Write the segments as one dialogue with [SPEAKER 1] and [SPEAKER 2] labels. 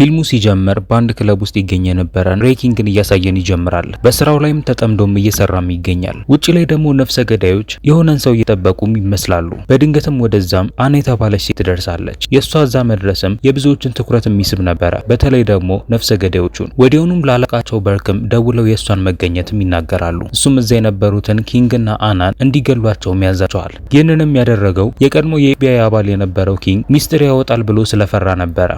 [SPEAKER 1] ፊልሙ ሲጀምር በአንድ ክለብ ውስጥ ይገኝ የነበረ ሬኪንግን እያሳየን ይጀምራል። በስራው ላይም ተጠምዶም እየሰራም ይገኛል። ውጭ ላይ ደግሞ ነፍሰ ገዳዮች የሆነን ሰው እየጠበቁም ይመስላሉ። በድንገትም ወደዛም አና የተባለች ሴት ትደርሳለች። የእሷ እዛ መድረስም የብዙዎችን ትኩረት የሚስብ ነበረ፣ በተለይ ደግሞ ነፍሰ ገዳዮቹን። ወዲያውኑም ላለቃቸው በርክም ደውለው የእሷን መገኘትም ይናገራሉ። እሱም እዛ የነበሩትን ኪንግና አናን እንዲገሏቸውም ያዛቸዋል። ይህንንም ያደረገው የቀድሞ የኤፍቢአይ አባል የነበረው ኪንግ ሚስጥር ያወጣል ብሎ ስለፈራ ነበረ።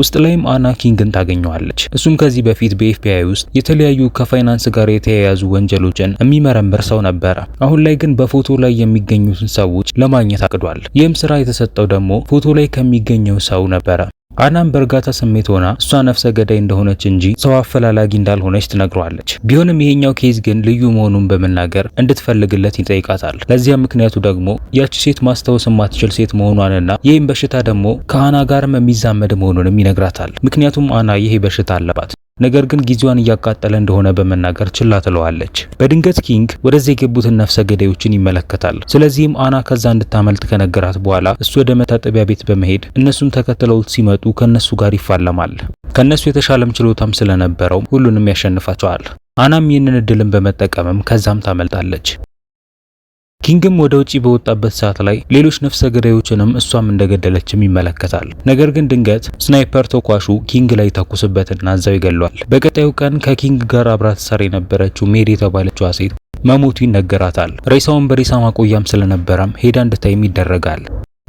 [SPEAKER 1] ውስጥ ላይም አና ኪንግን ታገኘዋለች። እሱም ከዚህ በፊት በኤፍቢአይ ውስጥ የተለያዩ ከፋይናንስ ጋር የተያያዙ ወንጀሎችን የሚመረምር ሰው ነበረ። አሁን ላይ ግን በፎቶ ላይ የሚገኙትን ሰዎች ለማግኘት አቅዷል። ይህም ስራ የተሰጠው ደግሞ ፎቶ ላይ ከሚገኘው ሰው ነበረ። አናም በእርጋታ ስሜት ሆና እሷ ነፍሰ ገዳይ እንደሆነች እንጂ ሰው አፈላላጊ እንዳልሆነች ትነግሯለች። ቢሆንም ይሄኛው ኬዝ ግን ልዩ መሆኑን በመናገር እንድትፈልግለት ይጠይቃታል። ለዚያ ምክንያቱ ደግሞ ያቺ ሴት ማስታወስ የማትችል ሴት መሆኗንና ይህም በሽታ ደግሞ ከአና ጋርም የሚዛመድ መሆኑንም ይነግራታል። ምክንያቱም አና ይሄ በሽታ አለባት። ነገር ግን ጊዜዋን እያቃጠለ እንደሆነ በመናገር ችላ ትለዋለች። በድንገት ኪንግ ወደዚያ የገቡትን ነፍሰ ገዳዮችን ይመለከታል። ስለዚህም አና ከዛ እንድታመልጥ ከነገራት በኋላ እሱ ወደ መታጠቢያ ቤት በመሄድ እነሱም ተከትለው ሲመጡ ከነሱ ጋር ይፋለማል። ከነሱ የተሻለም ችሎታም ስለነበረው ሁሉንም ያሸንፋቸዋል። አናም ይህንን እድልን በመጠቀምም ከዛም ታመልጣለች። ኪንግም ወደ ውጪ በወጣበት ሰዓት ላይ ሌሎች ነፍሰ ገዳዮችንም እሷም እንደገደለችም ይመለከታል። ነገር ግን ድንገት ስናይፐር ተኳሹ ኪንግ ላይ ተኩስበትና እዛው ይገለዋል። በቀጣዩ ቀን ከኪንግ ጋር አብራ ትሰራ የነበረችው ሜሪ የተባለችዋ ሴት መሞቱ ይነገራታል። ሬሳውን በሬሳ ማቆያም ስለነበረም ሄዳ እንድታይም ይደረጋል።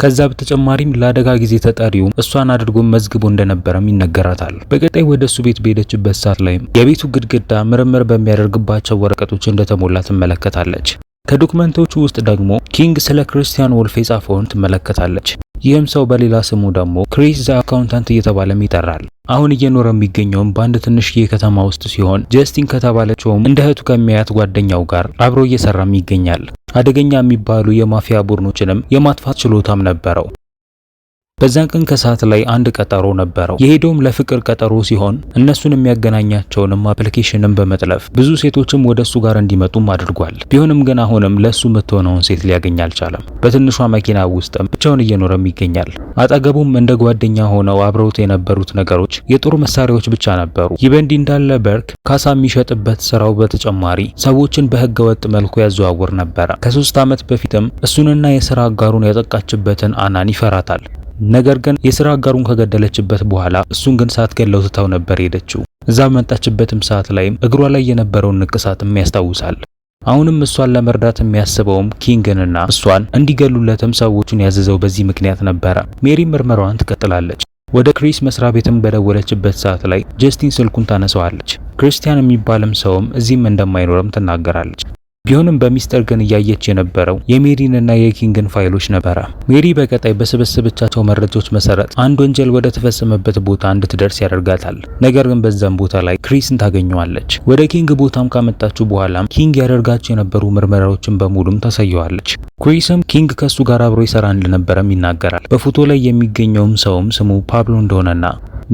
[SPEAKER 1] ከዛ በተጨማሪም ለአደጋ ጊዜ ተጠሪው እሷን አድርጎ መዝግቦ እንደነበረም ይነገራታል። በቀጣይ ወደ እሱ ቤት በሄደችበት ሰዓት ላይም የቤቱ ግድግዳ ምርምር በሚያደርግባቸው ወረቀቶች እንደተሞላ ትመለከታለች። ከዶክመንቶቹ ውስጥ ደግሞ ኪንግ ስለ ክርስቲያን ወልፍ የጻፈውን ትመለከታለች። ይህም ሰው በሌላ ስሙ ደግሞ ክሪስ ዘ አካውንታንት እየተባለም ይጠራል። አሁን እየኖረ የሚገኘውም በአንድ ትንሽዬ ከተማ ውስጥ ሲሆን ጀስቲን ከተባለችውም እንደ እህቱ ከሚያያት ጓደኛው ጋር አብሮ እየሰራም ይገኛል። አደገኛ የሚባሉ የማፊያ ቡድኖችንም የማጥፋት ችሎታም ነበረው። በዛን ቀን ከሰዓት ላይ አንድ ቀጠሮ ነበረው። የሄደውም ለፍቅር ቀጠሮ ሲሆን እነሱን የሚያገናኛቸውንም አፕሊኬሽንን በመጥለፍ ብዙ ሴቶችም ወደ እሱ ጋር እንዲመጡም አድርጓል። ቢሆንም ግን አሁንም ለእሱ የምትሆነውን ሴት ሊያገኝ አልቻለም። በትንሿ መኪና ውስጥም ብቻውን እየኖረም ይገኛል። አጠገቡም እንደ ጓደኛ ሆነው አብረውት የነበሩት ነገሮች የጦር መሳሪያዎች ብቻ ነበሩ። ይህ እንዳለ በርክ ካሳ የሚሸጥበት ስራው በተጨማሪ ሰዎችን በህገ ወጥ መልኩ ያዘዋውር ነበረ። ከሶስት ዓመት በፊትም እሱንና የስራ አጋሩን ያጠቃችበትን አናን ይፈራታል። ነገር ግን የስራ አጋሩን ከገደለችበት በኋላ እሱን ግን ሳትገለው ትታው ነበር ሄደችው። እዛ በመጣችበትም ሰዓት ላይም እግሯ ላይ የነበረውን ንቅሳትም ያስታውሳል። አሁንም እሷን ለመርዳት የሚያስበውም ኪንግንና እሷን እንዲገሉለትም ሰዎቹን ያዘዘው በዚህ ምክንያት ነበረ። ሜሪ ምርመራዋን ትቀጥላለች። ወደ ክሪስ መስሪያ ቤትም በደወለችበት ሰዓት ላይ ጀስቲን ስልኩን ታነሳዋለች። ክርስቲያን የሚባልም ሰውም እዚህም እንደማይኖርም ትናገራለች። ቢሆንም በሚስጥር ግን እያየች የነበረው የሜሪን እና የኪንግን ፋይሎች ነበረ። ሜሪ በቀጣይ በሰበሰበቻቸው መረጃዎች መሰረት አንድ ወንጀል ወደ ተፈጸመበት ቦታ እንድትደርስ ያደርጋታል። ነገር ግን በዛም ቦታ ላይ ክሪስን ታገኘዋለች። ወደ ኪንግ ቦታም ካመጣችው በኋላም ኪንግ ያደርጋቸው የነበሩ ምርመራዎችን በሙሉም ታሳየዋለች። ክሪስም ኪንግ ከሱ ጋር አብሮ ይሰራ እንደነበረም ይናገራል። በፎቶ ላይ የሚገኘውም ሰውም ስሙ ፓብሎ እንደሆነና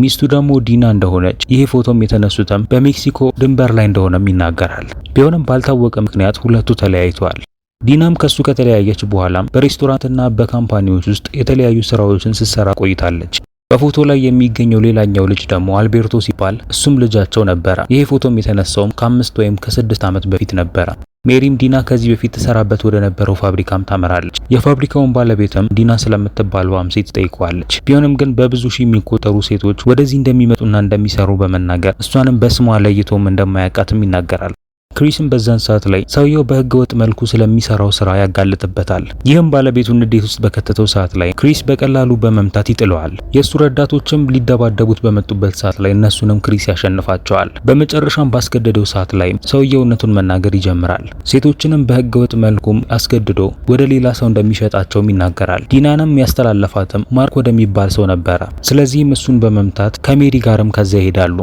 [SPEAKER 1] ሚስቱ ደግሞ ዲና እንደሆነች ይህ ፎቶም የተነሱትም በሜክሲኮ ድንበር ላይ እንደሆነም ይናገራል። ቢሆንም ባልታወቀ ምክንያት ሁለቱ ተለያይተዋል። ዲናም ከሱ ከተለያየች በኋላም በሬስቶራንትና በካምፓኒዎች ውስጥ የተለያዩ ስራዎችን ስትሰራ ቆይታለች። በፎቶ ላይ የሚገኘው ሌላኛው ልጅ ደግሞ አልቤርቶ ሲባል እሱም ልጃቸው ነበረ። ይሄ ፎቶም የተነሳውም ከአምስት ወይም ከስድስት ዓመት በፊት ነበረ። ሜሪም ዲና ከዚህ በፊት ትሰራበት ወደ ነበረው ፋብሪካም ታመራለች። የፋብሪካውን ባለቤትም ዲና ስለምትባለዋም ሴት ጠይቋለች። ቢሆንም ግን በብዙ ሺህ የሚቆጠሩ ሴቶች ወደዚህ እንደሚመጡና እንደሚሰሩ በመናገር እሷንም በስሟ ለይቶም እንደማያውቃትም ይናገራል። ክሪስም በዛን ሰዓት ላይ ሰውየው በህገ ወጥ መልኩ ስለሚሰራው ስራ ያጋልጥበታል። ይህም ባለቤቱን ንዴት ውስጥ በከተተው ሰዓት ላይ ክሪስ በቀላሉ በመምታት ይጥለዋል። የእሱ ረዳቶችም ሊደባደቡት በመጡበት ሰዓት ላይ እነሱንም ክሪስ ያሸንፋቸዋል። በመጨረሻም ባስገደደው ሰዓት ላይ ሰውየው እውነቱን መናገር ይጀምራል። ሴቶችንም በህገ ወጥ መልኩም አስገድዶ ወደ ሌላ ሰው እንደሚሸጣቸውም ይናገራል። ዲናንም ያስተላለፋትም ማርክ ወደሚባል ሰው ነበረ። ስለዚህም እሱን በመምታት ከሜሪ ጋርም ከዚያ ይሄዳሉ።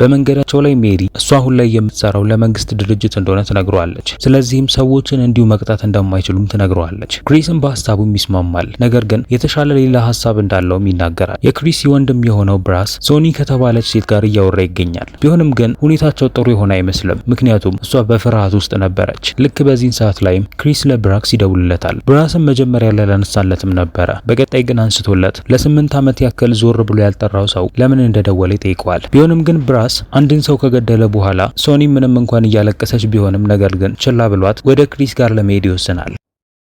[SPEAKER 1] በመንገዳቸው ላይ ሜሪ እሷ አሁን ላይ የምትሰራው ለመንግስት ድርጅት እንደሆነ ትነግረዋለች። ስለዚህም ሰዎችን እንዲሁ መቅጣት እንደማይችሉም ትነግረዋለች። ክሪስም በሀሳቡም ይስማማል። ነገር ግን የተሻለ ሌላ ሀሳብ እንዳለውም ይናገራል። የክሪስ ወንድም የሆነው ብራስ ሶኒ ከተባለች ሴት ጋር እያወራ ይገኛል። ቢሆንም ግን ሁኔታቸው ጥሩ የሆነ አይመስልም። ምክንያቱም እሷ በፍርሃት ውስጥ ነበረች። ልክ በዚህን ሰዓት ላይም ክሪስ ለብራክስ ይደውልለታል። ብራስም መጀመሪያ ላይ አላነሳለትም ነበረ። በቀጣይ ግን አንስቶለት ለስምንት ዓመት ያክል ዞር ብሎ ያልጠራው ሰው ለምን እንደደወለ ይጠይቀዋል። ቢሆንም ግን ብራ ራስ አንድን ሰው ከገደለ በኋላ ሶኒ ምንም እንኳን እያለቀሰች ቢሆንም ነገር ግን ችላ ብሏት ወደ ክሪስ ጋር ለመሄድ ይወስናል።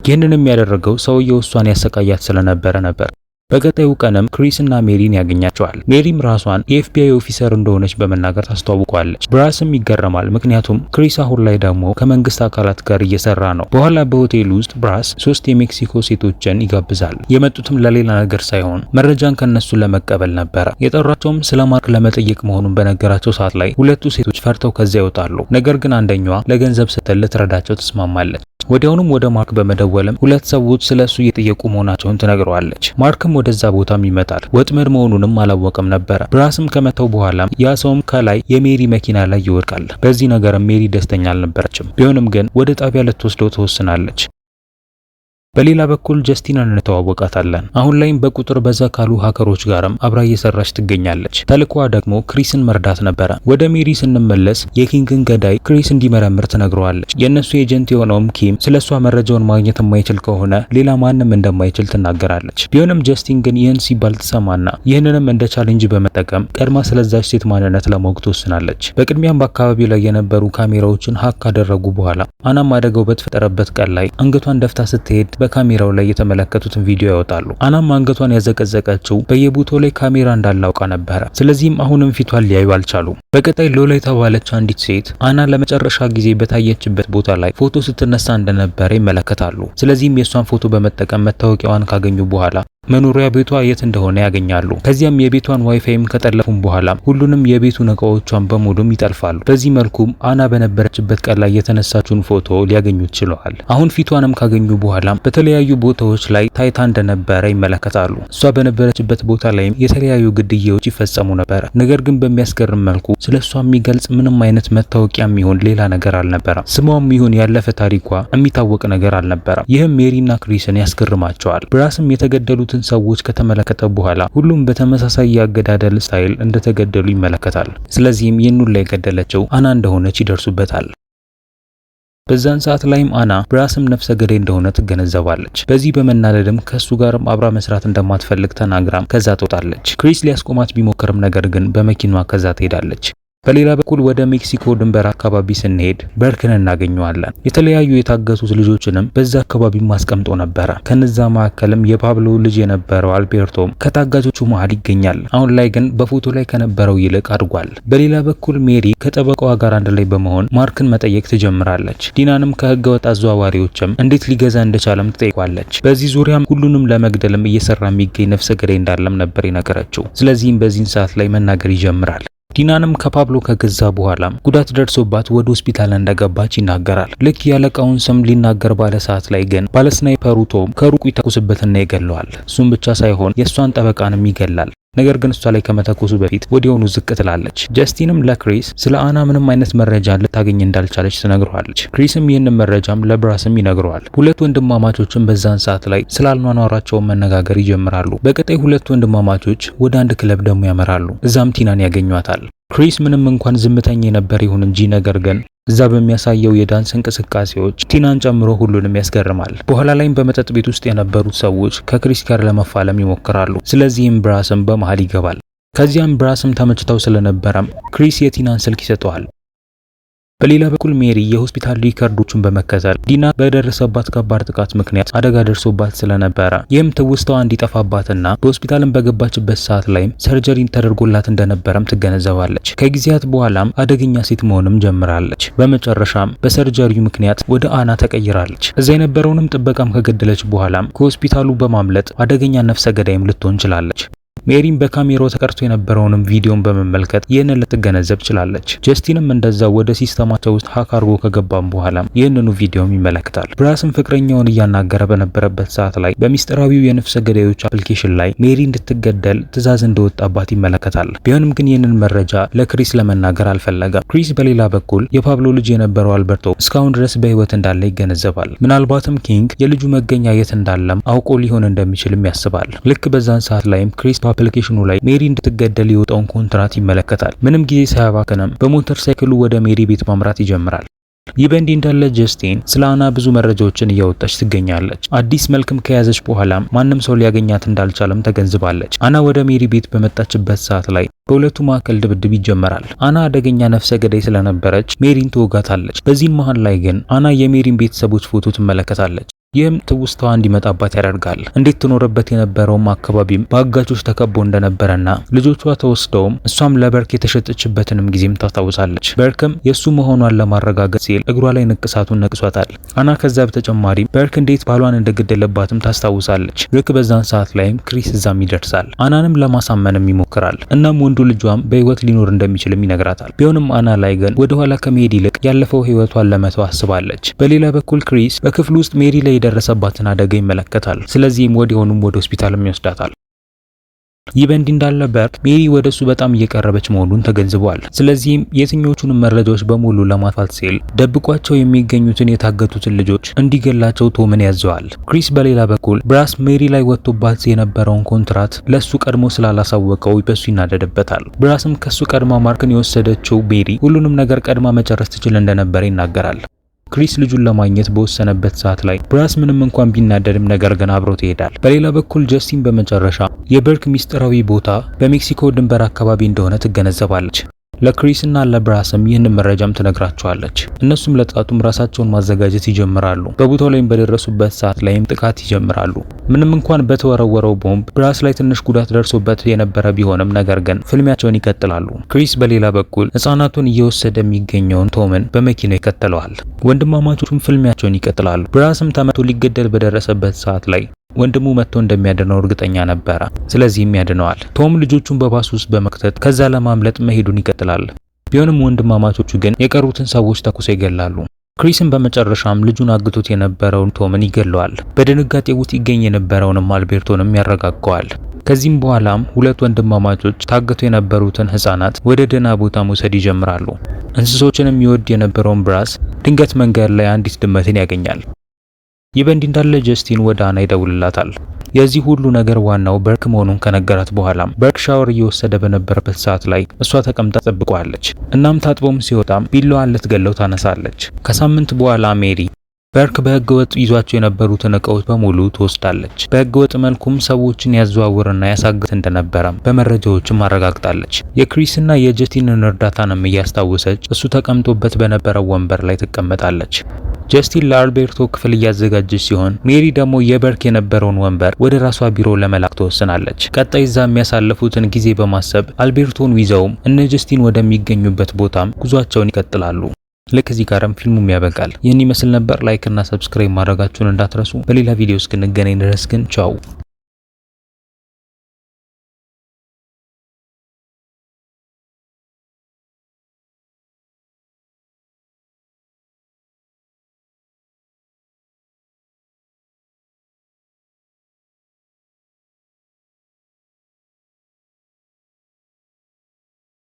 [SPEAKER 1] ይህንንም ያደረገው ሰውየው እሷን ያሰቃያት ስለነበረ ነበር። በቀጣዩ ቀንም ክሪስ እና ሜሪን ያገኛቸዋል። ሜሪም ራሷን የኤፍቢአይ ኦፊሰር እንደሆነች በመናገር ታስተዋውቋለች። ብራስም ይገረማል። ምክንያቱም ክሪስ አሁን ላይ ደግሞ ከመንግስት አካላት ጋር እየሰራ ነው። በኋላ በሆቴል ውስጥ ብራስ ሶስት የሜክሲኮ ሴቶችን ይጋብዛል። የመጡትም ለሌላ ነገር ሳይሆን መረጃን ከነሱ ለመቀበል ነበረ። የጠራቸውም ስለ ማርክ ለመጠየቅ መሆኑን በነገራቸው ሰዓት ላይ ሁለቱ ሴቶች ፈርተው ከዚያ ይወጣሉ። ነገር ግን አንደኛዋ ለገንዘብ ስትል ልትረዳቸው ተስማማለች። ወዲያውኑም ወደ ማርክ በመደወልም ሁለት ሰዎች ስለ እሱ እየጠየቁ መሆናቸውን ትነግረዋለች። ማርክም ወደዛ ቦታም ይመጣል። ወጥመድ መሆኑንም አላወቅም ነበረ። ብራስም ከመተው በኋላ ያ ሰውም ከላይ የሜሪ መኪና ላይ ይወድቃል። በዚህ ነገርም ሜሪ ደስተኛ አልነበረችም። ቢሆንም ግን ወደ ጣቢያ ልትወስደው ትወስናለች። በሌላ በኩል ጀስቲናን እንተዋወቃታለን። አሁን ላይም በቁጥር በዛ ካሉ ሀከሮች ጋርም አብራ እየሰራች ትገኛለች። ተልኳ ደግሞ ክሪስን መርዳት ነበረ። ወደ ሜሪ ስንመለስ የኪንግን ገዳይ ክሪስ እንዲመረምር ትነግረዋለች። የእነሱ ኤጀንት የሆነውም ኪም ስለ እሷ መረጃውን ማግኘት የማይችል ከሆነ ሌላ ማንም እንደማይችል ትናገራለች። ቢሆንም ጀስቲን ግን ይህን ሲባል ትሰማና ይህንንም እንደ ቻሌንጅ በመጠቀም ቀድማ ስለዛች ሴት ማንነት ለማወቅ ትወስናለች። በቅድሚያም በአካባቢው ላይ የነበሩ ካሜራዎችን ሀክ ካደረጉ በኋላ አናም አደጋው በተፈጠረበት ቀን ላይ አንገቷን ደፍታ ስትሄድ በካሜራው ላይ የተመለከቱትን ቪዲዮ ያወጣሉ። አናም አንገቷን ያዘቀዘቀችው በየቦታው ላይ ካሜራ እንዳላውቃ ነበረ። ስለዚህም አሁንም ፊቷን ሊያዩ አልቻሉም። በቀጣይ ሎላ የተባለች አንዲት ሴት አና ለመጨረሻ ጊዜ በታየችበት ቦታ ላይ ፎቶ ስትነሳ እንደነበረ ይመለከታሉ። ስለዚህም የእሷን ፎቶ በመጠቀም መታወቂያዋን ካገኙ በኋላ መኖሪያ ቤቷ የት እንደሆነ ያገኛሉ። ከዚያም የቤቷን ዋይፋይም ከጠለፉም በኋላ ሁሉንም የቤቱን እቃዎቿን በሙሉም ይጠልፋሉ። በዚህ መልኩም አና በነበረችበት ቀን ላይ የተነሳችውን ፎቶ ሊያገኙ ችለዋል። አሁን ፊቷንም ካገኙ በኋላ በተለያዩ ቦታዎች ላይ ታይታ እንደነበረ ይመለከታሉ። እሷ በነበረችበት ቦታ ላይም የተለያዩ ግድያዎች ይፈጸሙ ነበረ። ነገር ግን በሚያስገርም መልኩ ስለ እሷ የሚገልጽ ምንም አይነት መታወቂያ የሚሆን ሌላ ነገር አልነበረም። ስሟም ይሁን ያለፈ ታሪኳ የሚታወቅ ነገር አልነበረም። ይህም ሜሪና ክሪስን ያስገርማቸዋል። ብራስም የተገደሉት የሞቱትን ሰዎች ከተመለከተ በኋላ ሁሉም በተመሳሳይ የአገዳደል ስታይል እንደተገደሉ ይመለከታል። ስለዚህም ይህን ሁላ የገደለችው አና እንደሆነች ይደርሱበታል። በዛን ሰዓት ላይም አና ብራስም ነፍሰ ገዳይ እንደሆነ ትገነዘባለች። በዚህ በመናደድም ከሱ ጋርም አብራ መስራት እንደማትፈልግ ተናግራም ከዛ ትወጣለች። ክሪስ ሊያስቆማት ቢሞክርም ነገር ግን በመኪናዋ ከዛ ትሄዳለች። በሌላ በኩል ወደ ሜክሲኮ ድንበር አካባቢ ስንሄድ በርክን እናገኘዋለን። የተለያዩ የታገቱት ልጆችንም በዛ አካባቢ አስቀምጦ ነበረ። ከነዛ መካከልም የፓብሎ ልጅ የነበረው አልቤርቶም ከታጋቾቹ መሀል ይገኛል። አሁን ላይ ግን በፎቶ ላይ ከነበረው ይልቅ አድጓል። በሌላ በኩል ሜሪ ከጠበቃዋ ጋር አንድ ላይ በመሆን ማርክን መጠየቅ ትጀምራለች። ዲናንም ከህገ ወጥ አዘዋዋሪዎችም እንዴት ሊገዛ እንደቻለም ትጠይቋለች። በዚህ ዙሪያም ሁሉንም ለመግደልም እየሰራ የሚገኝ ነፍሰ ገዳይ እንዳለም ነበር የነገረችው። ስለዚህም በዚህን ሰዓት ላይ መናገር ይጀምራል። ዲናንም ከፓብሎ ከገዛ በኋላ ጉዳት ደርሶባት ወደ ሆስፒታል እንደገባች ይናገራል። ልክ ያለቃውን ስም ሊናገር ባለ ሰዓት ላይ ግን ባለስናይፐሩ ቶም ከሩቁ ይተኩስበትና ይገለዋል። እሱም ብቻ ሳይሆን የእሷን ጠበቃንም ይገላል። ነገር ግን እሷ ላይ ከመተኮሱ በፊት ወዲያውኑ ዝቅ ትላለች። ጀስቲንም ለክሪስ ስለ አና ምንም አይነት መረጃ ልታገኝ እንዳልቻለች ትነግረዋለች። ክሪስም ይህንን መረጃም ለብራስም ይነግረዋል። ሁለት ወንድማማቾችም በዛን ሰዓት ላይ ስላልኗኗራቸውን መነጋገር ይጀምራሉ። በቀጣይ ሁለት ወንድማማቾች ወደ አንድ ክለብ ደግሞ ያመራሉ። እዛም ቲናን ያገኟታል። ክሪስ ምንም እንኳን ዝምተኛ የነበር ይሁን እንጂ ነገር ግን እዛ በሚያሳየው የዳንስ እንቅስቃሴዎች ቲናን ጨምሮ ሁሉንም ያስገርማል። በኋላ ላይም በመጠጥ ቤት ውስጥ የነበሩት ሰዎች ከክሪስ ጋር ለመፋለም ይሞክራሉ። ስለዚህም ብራስም በመሃል ይገባል። ከዚያም ብራስም ተመችተው ስለነበረም ክሪስ የቲናን ስልክ ይሰጠዋል። በሌላ በኩል ሜሪ የሆስፒታል ሪከርዶችን በመከተል ዲና በደረሰባት ከባድ ጥቃት ምክንያት አደጋ ደርሶባት ስለነበረ ይህም ትውስታዋ እንዲጠፋባትና በሆስፒታልም በገባችበት ሰዓት ላይም ሰርጀሪ ተደርጎላት እንደነበረም ትገነዘባለች። ከጊዜያት በኋላም አደገኛ ሴት መሆንም ጀምራለች። በመጨረሻም በሰርጀሪው ምክንያት ወደ አና ተቀይራለች። እዛ የነበረውንም ጥበቃም ከገደለች በኋላም ከሆስፒታሉ በማምለጥ አደገኛ ነፍሰ ገዳይም ልትሆን ችላለች። ሜሪም በካሜራው ተቀርጾ የነበረውንም ቪዲዮን በመመልከት ይህንን ልትገነዘብ ችላለች። ጀስቲንም እንደዛ ወደ ሲስተማቸው ውስጥ ሀክ አድርጎ ከገባም በኋላ ይህንኑ ቪዲዮም ይመለከታል። ብራስም ፍቅረኛውን እያናገረ በነበረበት ሰዓት ላይ በሚስጥራዊው የነፍሰ ገዳዮች አፕሊኬሽን ላይ ሜሪ እንድትገደል ትዕዛዝ እንደወጣባት ይመለከታል። ቢሆንም ግን ይህንን መረጃ ለክሪስ ለመናገር አልፈለገም። ክሪስ በሌላ በኩል የፓብሎ ልጅ የነበረው አልበርቶ እስካሁን ድረስ በህይወት እንዳለ ይገነዘባል። ምናልባትም ኪንግ የልጁ መገኛ የት እንዳለም አውቆ ሊሆን እንደሚችልም ያስባል። ልክ በዛን ሰዓት ላይም ክሪስ አፕሊኬሽኑ ላይ ሜሪ እንድትገደል የወጣውን ኮንትራት ይመለከታል። ምንም ጊዜ ሳያባክንም በሞተር ሳይክሉ ወደ ሜሪ ቤት ማምራት ይጀምራል። ይህ በእንዲህ እንዳለ ጀስቲን ስለ አና ብዙ መረጃዎችን እያወጣች ትገኛለች። አዲስ መልክም ከያዘች በኋላም ማንም ሰው ሊያገኛት እንዳልቻለም ተገንዝባለች። አና ወደ ሜሪ ቤት በመጣችበት ሰዓት ላይ በሁለቱ መካከል ድብድብ ይጀመራል። አና አደገኛ ነፍሰ ገዳይ ስለነበረች ሜሪን ትወጋታለች። በዚህም መሀል ላይ ግን አና የሜሪን ቤተሰቦች ፎቶ ትመለከታለች። ይህም ትውስታዋ እንዲመጣባት ያደርጋል። እንዴት ትኖርበት የነበረውም አካባቢም በአጋቾች ተከቦ እንደነበረና ልጆቿ ተወስደውም እሷም ለበርክ የተሸጠችበትንም ጊዜም ታስታውሳለች። በርክም የእሱ መሆኗን ለማረጋገጥ ሲል እግሯ ላይ ንቅሳቱን ነቅሷታል። አና ከዛ በተጨማሪም በርክ እንዴት ባሏን እንደገደለባትም ታስታውሳለች። ልክ በዛን ሰዓት ላይም ክሪስ እዛም ይደርሳል። አናንም ለማሳመንም ይሞክራል። እናም ወንዱ ልጇም በህይወት ሊኖር እንደሚችልም ይነግራታል። ቢሆንም አና ላይ ግን ወደኋላ ከመሄድ ይልቅ ያለፈው ህይወቷን ለመተው አስባለች። በሌላ በኩል ክሪስ በክፍሉ ውስጥ ሜሪ ላይ የደረሰባትን አደጋ ይመለከታል። ስለዚህም ወዲያውኑም ወደ ሆስፒታልም ይወስዳታል። ይህ በእንዲህ እንዳለ በር ሜሪ ወደሱ በጣም እየቀረበች መሆኑን ተገንዝቧል። ስለዚህም የትኞቹንም መረጃዎች በሙሉ ለማጥፋት ሲል ደብቋቸው የሚገኙትን የታገቱትን ልጆች እንዲገላቸው ቶምን ያዘዋል። ክሪስ በሌላ በኩል ብራስ ሜሪ ላይ ወጥቶባት የነበረውን ኮንትራት ለሱ ቀድሞ ስላላሳወቀው በሱ ይናደድበታል። ብራስም ከሱ ቀድማ ማርክን የወሰደችው ሜሪ ሁሉንም ነገር ቀድማ መጨረስ ትችል እንደነበረ ይናገራል። ክሪስ ልጁን ለማግኘት በወሰነበት ሰዓት ላይ ብራስ ምንም እንኳን ቢናደድም ነገር ግን አብሮት ይሄዳል። በሌላ በኩል ጀስቲን በመጨረሻ የበርክ ሚስጥራዊ ቦታ በሜክሲኮ ድንበር አካባቢ እንደሆነ ትገነዘባለች። ለክሪስ እና ለብራስም ይህንን መረጃም ትነግራቸዋለች። እነሱም ለጥቃቱም ራሳቸውን ማዘጋጀት ይጀምራሉ። በቦታው ላይም በደረሱበት ሰዓት ላይም ጥቃት ይጀምራሉ። ምንም እንኳን በተወረወረው ቦምብ ብራስ ላይ ትንሽ ጉዳት ደርሶበት የነበረ ቢሆንም ነገር ግን ፍልሚያቸውን ይቀጥላሉ። ክሪስ በሌላ በኩል ህጻናቱን እየወሰደ የሚገኘውን ቶምን በመኪና ይከተለዋል። ወንድማማቾቹም ፍልሚያቸውን ይቀጥላሉ። ብራስም ተመቶ ሊገደል በደረሰበት ሰዓት ላይ ወንድሙ መጥቶ እንደሚያድነው እርግጠኛ ነበረ። ስለዚህም ያድነዋል። ቶም ልጆቹን በባስ ውስጥ በመክተት ከዛ ለማምለጥ መሄዱን ይቀጥላል። ቢሆንም ወንድማማቾቹ ግን የቀሩትን ሰዎች ተኩሰው ይገላሉ። ክሪስን በመጨረሻም ልጁን አግቶት የነበረውን ቶምን ይገለዋል። በድንጋጤ ውስጥ ይገኝ የነበረውንም አልቤርቶንም ያረጋጋዋል። ከዚህም በኋላም ሁለት ወንድማማቾች ታግተው የነበሩትን ህፃናት ወደ ደህና ቦታ መውሰድ ይጀምራሉ። እንስሶችንም ይወድ የነበረውን ብራስ ድንገት መንገድ ላይ አንዲት ድመትን ያገኛል። ይህ በእንዲህ እንዳለ ጀስቲን ወደ አና ይደውልላታል። የዚህ ሁሉ ነገር ዋናው በርክ መሆኑን ከነገራት በኋላ በርክ ሻወር እየወሰደ በነበረበት ሰዓት ላይ እሷ ተቀምጣ ጠብቋለች። እናም ታጥቦም ሲወጣም ቢላዋን ልትገለው ታነሳለች። ከሳምንት በኋላ ሜሪ በርክ በህገ ወጥ ይዟቸው የነበሩትን እቃዎች በሙሉ ትወስዳለች። በህገ ወጥ መልኩም ሰዎችን ያዘዋውርና ያሳግት እንደነበረም በመረጃዎችም አረጋግጣለች። የክሪስና የጀስቲንን እርዳታንም እያስታወሰች እሱ ተቀምጦበት በነበረው ወንበር ላይ ትቀመጣለች። ጀስቲን ለአልቤርቶ ክፍል እያዘጋጀች ሲሆን ሜሪ ደግሞ የበርክ የነበረውን ወንበር ወደ ራሷ ቢሮ ለመላክ ትወስናለች። ቀጣይ እዛ የሚያሳለፉትን ጊዜ በማሰብ አልቤርቶን ይዘውም እነ ጀስቲን ወደሚገኙበት ቦታም ጉዟቸውን ይቀጥላሉ። ልክ እዚህ ጋርም ፊልሙም ያበቃል። ይህን ይመስል ነበር። ላይክ እና ሰብስክራይብ ማድረጋችሁን እንዳትረሱ። በሌላ ቪዲዮ እስክንገናኝ ድረስ ግን ቻው።